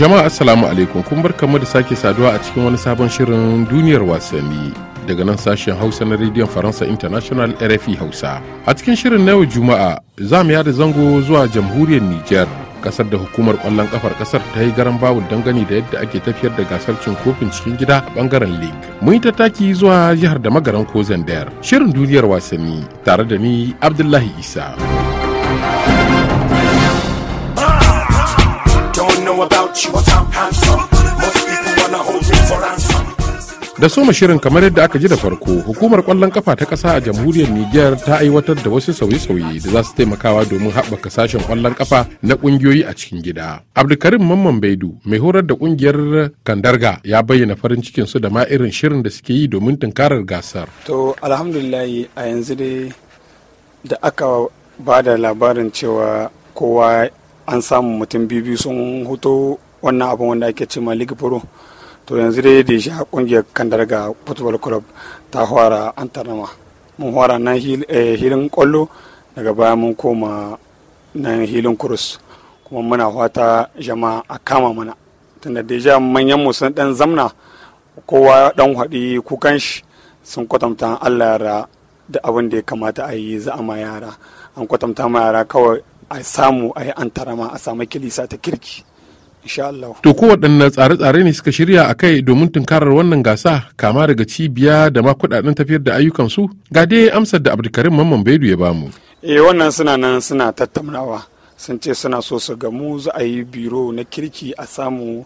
Jama'a Assalamu alaikum kun bar kamar da sake saduwa a cikin wani sabon shirin duniyar wasanni daga nan sashen Hausa na rediyon Faransa International RFI Hausa. A cikin shirin na yau Juma'a za mu yada zango zuwa jamhuriyar niger kasar da hukumar kwallon kafar kasar ta yi garan bawul dangane da yadda ake tafiyar da gasar cin kofin cikin gida a bangaren league mun yi tattaki zuwa jihar da magaran kozan shirin duniyar wasanni tare da ni abdullahi isa da soma shirin kamar yadda aka ji da farko hukumar kwallon kafa ta kasa a jamhuriyar niger ta aiwatar da wasu sauye-sauye da za su taimakawa domin haɓaka sashen kwallon kafa na ƙungiyoyi a cikin gida abdulkarim mamman baidu mai horar da ƙungiyar kandarga ya bayyana farin cikin su da ma irin shirin da suke yi domin tunkarar gasar to alhamdulillah a yanzu dai da aka ba da labarin cewa kowa an samu mutum biyu sun hoto wannan abin wanda ake ce ma league pro to yanzu dai da shi kungiyar ga football club ta fara an tarama mun fara nan eh, hilin kwallo daga baya mun koma nan hilin cross kuma muna fata jama'a a kama mana tunda deja manyan mu sun dan zamna kowa dan haɗi kukan shi sun kwatanta allah yara da abin da ya kamata a yi za a ma yara an kwatanta ma yara kawai a samu a yi an tarama a samu kilisa ta kirki To kowaɗanne tsare-tsare ne suka shirya a kai domin tunkarar wannan gasa kama daga cibiya da ma kuɗaɗen tafiyar da ayyukansu ga dai amsar da Abdulkarim Mamman Baidu ya bamu. Eh wannan suna nan suna tattaunawa sun ce suna so su gamu za a yi biro na kirki a samu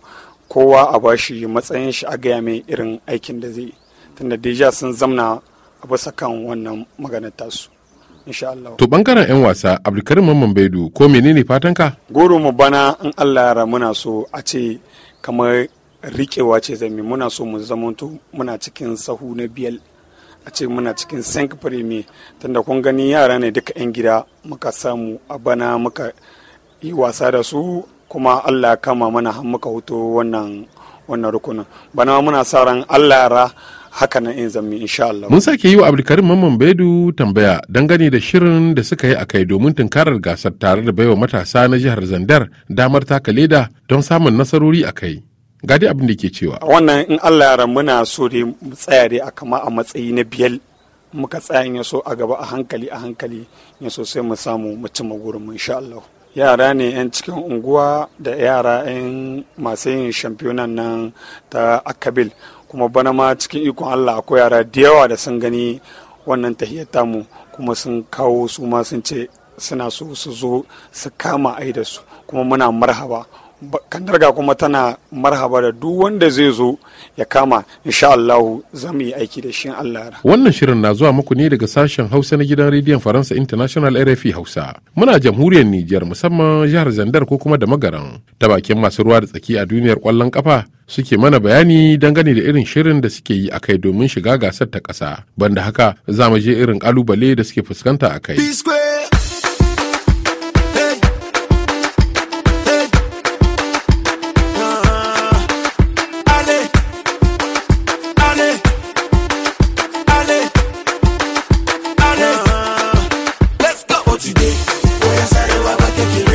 kowa a bashi matsayin shi a gaya mai irin aikin da zai tunda deja sun zamna a bisa kan wannan maganar tasu. insha Allah. To bangaren 'yan wasa Abdulkarim Mamman Baidu ko menene fatanka? Goro mu bana in Allah ya muna so a ce kamar riƙewa ce zami muna so mu zamanto muna cikin sahu na biyal a ce muna cikin sank premier tunda kun gani yara ne duka 'yan gida muka samu a bana muka yi wasa da su kuma Allah kama mana har muka hoto wannan rukunin bana muna sa ran Allah ya haka nan in zammi insha Allah. Mun sake yi wa Abdulkarim Mamman Baidu tambaya dangane da shirin da suka yi a kai domin tunkarar gasar tare da baiwa matasa na jihar Zandar damar taka leda don samun nasarori a kai. Gadi abin da ke cewa. Wannan in Allah ya muna so dai tsaya dai a kama a matsayi na biyal muka tsaya ya so a gaba a hankali a hankali ya so sai mu samu mu cimma gurin insha Allah. yara ne 'yan cikin unguwa da yara 'yan masu yin shampiyonan nan ta akabil kuma bana ma cikin ikon allah akwai yara da yawa da sun gani wannan tahiyar tamu kuma sun kawo su ma sun ce suna so su zo su kama ai da su kuma muna marhaba kandarga kuma tana marhaba da duk wanda zai zo ya kama insha Allah za mu yi aiki da shi Allah wannan shirin na zuwa muku ne daga sashen Hausa na gidan rediyon Faransa International RFI Hausa muna jamhuriyar Nijar musamman jihar Zandar ko kuma da Magaran ta bakin masu ruwa da tsaki a duniyar kwallon kafa suke mana bayani dangane da irin shirin da suke yi akai domin shiga gasar ta ƙasa banda haka za mu je irin kalubale da suke fuskanta akai. kai ya sare wa bakekile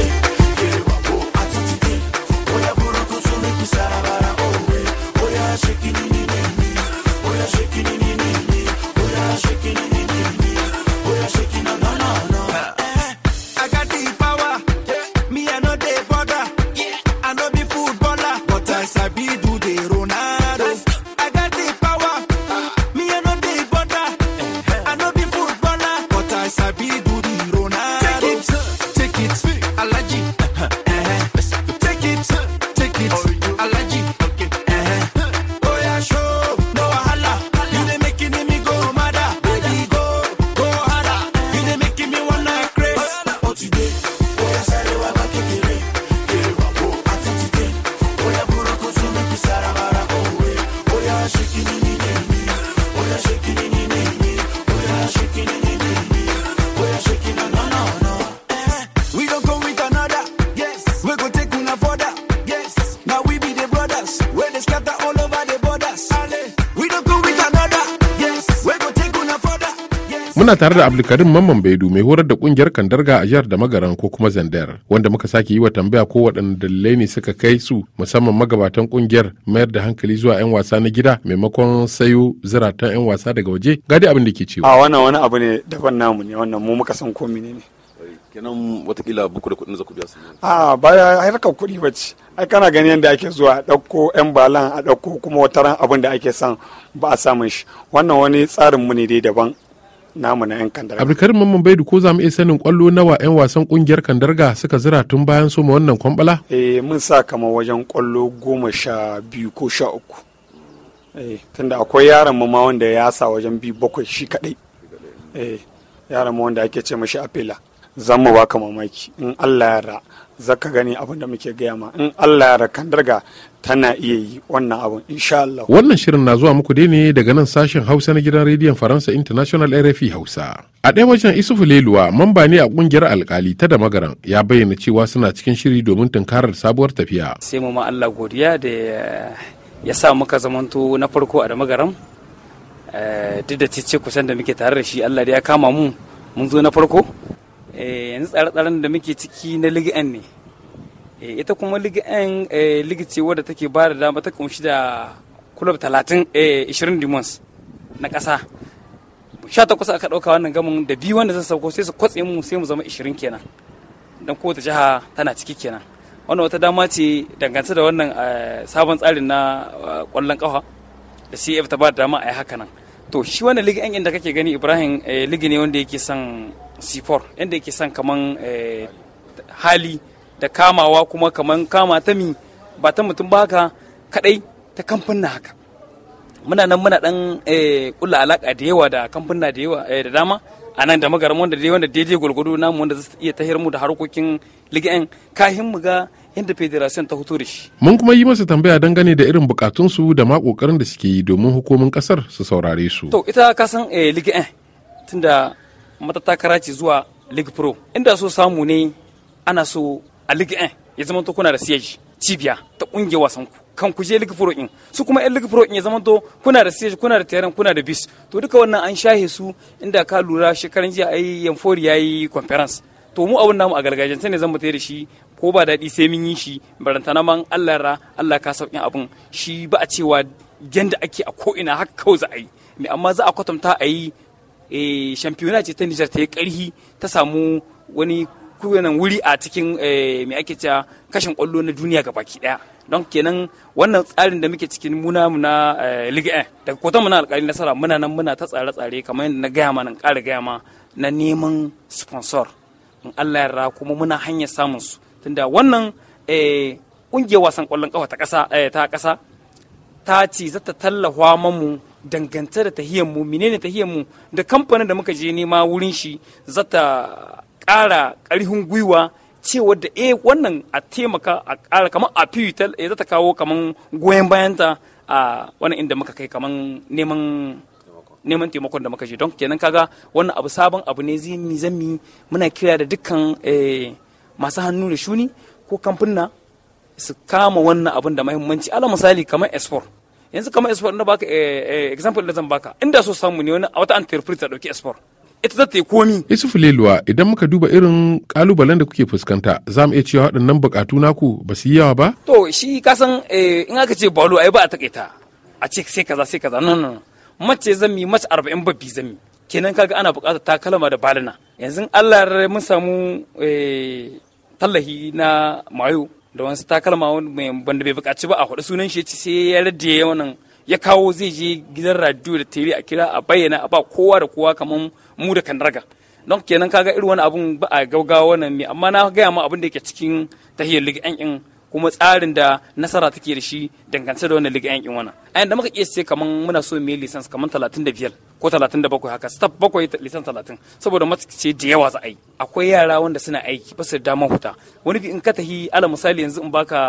muna tare da abdulkarim mamman baidu mai horar da kungiyar kandarga a jihar da magaran ko kuma zandar wanda muka sake yi wa tambaya ko waɗanne dalilai ne suka kai su musamman magabatan kungiyar mayar da hankali zuwa 'yan wasa na gida maimakon sayo ziratan 'yan wasa daga waje gadi abin da ke cewa a wannan wani abu ne daban namu ne wannan mu muka san ko ne kenan watakila buku da kuɗin za ku biya su a baya harkar kuɗi bace ai kana ganin yadda ake zuwa a ɗauko yan balan a ɗauko kuma wataran abin da ake san ba a samun shi wannan wani tsarin mu ne dai daban namu na 'yan kandarga. Abdulkarim Mamman Baidu ko za mu iya sanin kwallo nawa 'yan wasan kungiyar kandarga suka zira tun bayan soma wannan kwambala? Eh mun sa kama wajen kwallo goma sha biyu ko sha uku. Eh tunda akwai yaron mu ma wanda ya sa wajen bi bakwai shi kadai. Eh yaron mu wanda ake ce mashi apela. Zan mu ba ka mamaki in Allah ya zaka gani abin da muke gaya ma in Allah ya raka kandarga tana iya yi wannan abin insha Allah. Wannan shirin na zuwa muku dai ne daga nan sashen Hausa na gidan rediyon Faransa International RFI Hausa. A ɗaya wajen Isufu Leluwa mamba ne a ƙungiyar alkali ta da magaran ya bayyana cewa suna cikin shiri domin tunkarar sabuwar tafiya. Sai mu ma Allah godiya da ya sa muka zamanto na farko a da magaran eh, duk da cece kusan da muke tare da shi Allah da ya kama mu mun zo na farko. Eh, yanzu tsare-tsaren da muke ciki na ligi'an ne eh, ita kuma ligi'an eh, ligice wadda take ba da dama ta kunshi da kulab 30 20 demons na ƙasa 18 aka ɗauka wannan gamin da biyu wanda zai sauko sai su kwatse mu sai mu zama 20 kenan don kowace jiha tana ciki kenan wannan wata dama ce dangance da wannan sabon tsarin na kwallon kafa da cf ta ba da dama a yi haka nan to shi wannan ligi yan da kake gani ibrahim ligi ne wanda yake son C4 inda yake son kaman eh, hali da kamawa kuma kaman kama ta mi ba ta mutum ba ka kadai ta kamfanin haka muna nan muna dan kula eh, alaka da yawa da kamfanin da yawa eh, da dama a nan da magaram wanda dai wanda daidai gwalgwado namu wanda zai iya tahir mu da harkokin liga'in kahin mu ga yadda federation ta hutu da shi. Mun kuma yi masa tambaya dangane da irin bukatunsu da ma kokarin da suke yi domin hukumin kasar su saurare su. To ita ka san eh, tunda matatakara ce zuwa league pro inda so samu ne ana so a league 1 ya zama to kuna da siyaji cibiya ta kungiyar wasan ku kan ku je league pro in su kuma yan league pro in ya zama to kuna da siyaji kuna da tayaran kuna da bis to duka wannan an shahe su inda ka lura shekaran jiya ai yamfori yayi conference to mu abun namu a gargajiyance ne zan mutai da shi ko ba daɗi sai mun yi shi barantana man Allah ra Allah ka sauƙin abun shi ba a cewa yanda ake a ko ina haka kawai za a yi me amma za a kwatanta a yi Eh, shampiyona ce ta Nijar ta yi ƙarhi ta samu wani kuwanan wuri a cikin eh, mai ake cewa kashin kwallo na duniya ga baki ɗaya don kenan wannan tsarin da muke cikin muna eh, Ligue liga daga kotan muna alƙalin nasara muna nan muna ta tsare-tsare kamar yadda na gaya ma nan ƙara gaya ma na neman sponsor in Allah yarda kuma muna hanyar samun su tunda wannan ƙungiyar wasan kwallon kafa ta ƙasa ta ƙasa ta ce za ta tallafa mamu dangantar da tahiyar mu menene tahiyar mu da kamfanin da muka je nema wurin shi za ta ƙara ƙarfin gwiwa cewa da eh wannan a taimaka a ƙara kamar a fiwital ya eh, ta kawo kamar goyon bayanta a wannan inda muka kai kamar neman neman taimakon da muka je don kenan kaga wannan abu sabon abu ne zan mi muna kira da dukkan eh, masu hannu da shuni ko kamfuna su kama wannan abun da mahimmanci ala misali kamar esport yanzu kamar esport na baka eh, eh, example da zan baka inda so samu ne wani wata entreprise ta dauki esport ita za ta yi komi. Yusuf Leluwa idan muka duba irin kalubalen da kuke fuskanta za mu iya cewa waɗannan bukatu naku ba su yi yawa ba? To shi kasan eh, in aka ce balo ai ba a takaita a ce sai kaza sai kaza no no mace zan yi mace arba'in babbi zan zami kenan kaga ana buƙatar takalma da balina yanzu Allah mun samu tallahi na mayo da wasu takalma wanda bai bukaci ba a hudu sunan shi sai ya rade wannan ya kawo zai je gidan radio da tele a kira a bayyana a ba kowa da kowa kamar mu da kandarga don kenan kaga irin wani abun ba a gaugawa wannan amma na gaya ma abin da yake cikin tahiyar ligi yan yan kuma tsarin da nasara take da shi dangance da wannan liga yankin wannan a yanda muka kiyasce kaman muna so mu yi lisans kaman 35 ko 37 haka staff bakwai lisans 30 saboda ce da yawa za a yi akwai yara wanda suna aiki ba su da damar huta wani bi in ka tahi ala misali yanzu in baka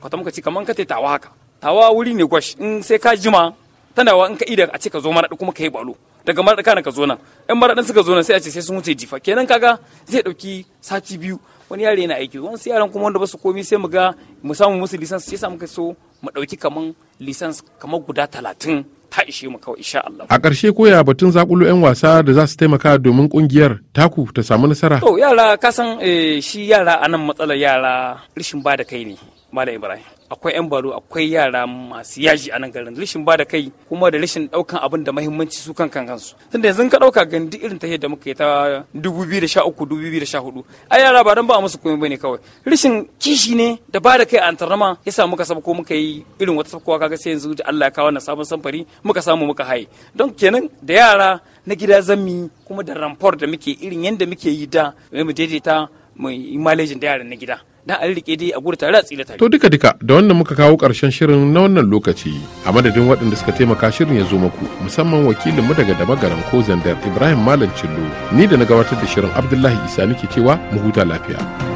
kwata muka ci kaman ka tawa haka tawa wuri ne gwash in sai ka jima tana wa in ka ida a ce ka zo maraɗi kuma ka yi balo daga mara kana ka zo nan in maraɗan suka zo nan sai a ce sai sun wuce jifa kenan kaga zai ɗauki sati biyu wani yare yana aiki wani yaran kuma wanda ba su komi sai mu ga mu samu musu lisans sai samu ka so mu ɗauki kaman lisans kaman guda talatin ta ishe mu kawai insha Allah. A ƙarshe koya batun zakulu 'yan wasa da za su taimaka domin ƙungiyar taku ta samu nasara. To yara kasan eh, shi yara anan matsalar yara rashin ba da kai ne Malam Ibrahim. akwai 'yan baro akwai yara masu yaji a nan garin rashin ba da kai kuma da rashin daukan abin da mahimmanci su kan kan kansu tunda yanzu ka dauka gandi irin ta da muka yi ta 2013 2014 ai yara ba dan ba musu komai bane kawai rashin kishi ne da ba da kai a antarama ya sa muka sabko muka yi irin wata sabkowa kaga sai yanzu da Allah ya kawo na sabon samfari muka samu muka haye don kenan da yara na gida zammi kuma da rampor da muke irin yanda muke yi da mu daidaita mai malejin da yaran na gida dan an rike dai a gura tare a tsira tare. To duka duka da wannan muka kawo karshen shirin na wannan lokaci a madadin waɗanda suka taimaka shirin ya zo muku musamman wakilin mu daga Damagaran ko Zandar Ibrahim Malam Cillo ni da na gabatar da shirin Abdullahi Isa nake cewa mu huta lafiya.